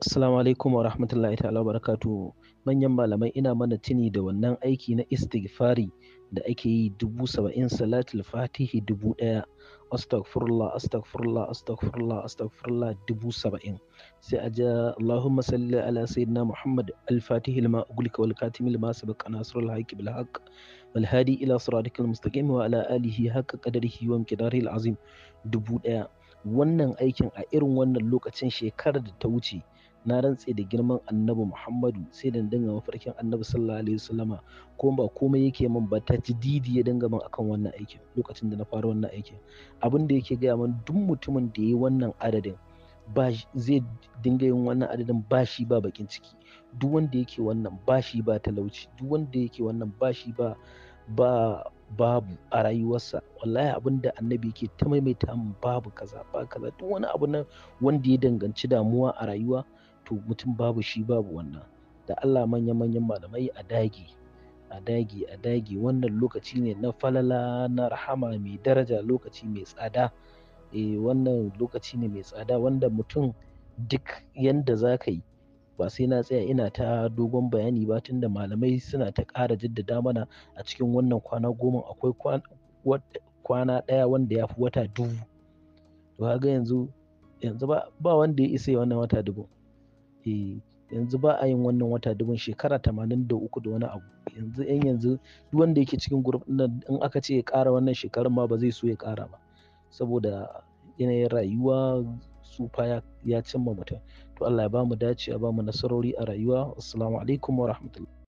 Assalamu alaikum wa rahmatullahi ta'ala wa Manyan malamai ina mana tuni da wannan aiki na istighfari da ake yi dubu saba'in salatul fatihi dubu ɗaya. Astaghfirullah, astaghfirullah, astaghfirullah, astaghfirullah dubu saba'in. Sai a ja Allahumma salli ala sayyidina Muhammad al fatihi lima ugulika wal katim lima sabaq nasrul haqq bil haqq wal hadi ila siratikal mustaqim wa ala alihi haqqa qadarihi wa miqdarihi al-azim dubu ɗaya. Wannan aikin a irin wannan lokacin shekarar da ta wuce na rantse da girman annabi muhammadu sai da dinga mafarkin annabi sallallahu alaihi wasallama ko ba komai yake min ba ta jididi ya dinga min akan wannan aikin lokacin da na fara wannan aikin abin da yake gaya min duk mutumin da ya yi wannan adadin ba zai dinga yin wannan adadin ba shi ba bakin ciki duk wanda yake wannan ba shi ba talauci duk wanda yake wannan ba shi ba ba babu a rayuwarsa wallahi abin da annabi yake ta maimaita babu kaza ba kaza duk wani abu nan wanda ya danganci damuwa a rayuwa to mutum babu shi babu wannan da Allah manya manyan malamai a dage a dage a dage wannan lokaci ne na falala na rahama mai daraja lokaci mai tsada eh wannan lokaci ne mai tsada wanda mutum duk yanda za ka yi ba sai na tsaya ina ta dogon bayani ba tunda malamai suna ta ƙara jaddada mana a cikin wannan kwana goma akwai kwana ɗaya wanda ya fi wata dubu to ga yanzu yanzu ba wanda ya isa wannan wata dubu Eh, yanzu ba a yin wannan wata dubin shekara tamanin da uku da wani abu yanzu yan yanzu duk wanda yake cikin guruf din in aka ce ya kara wannan shekarun ma ba zai so ya kara ba saboda yanayin rayuwa tsufa ya cimma mutum to Allah ya ba mu dace ya bamu nasarori a rayuwa assalamu alaikum wa rahmatullahi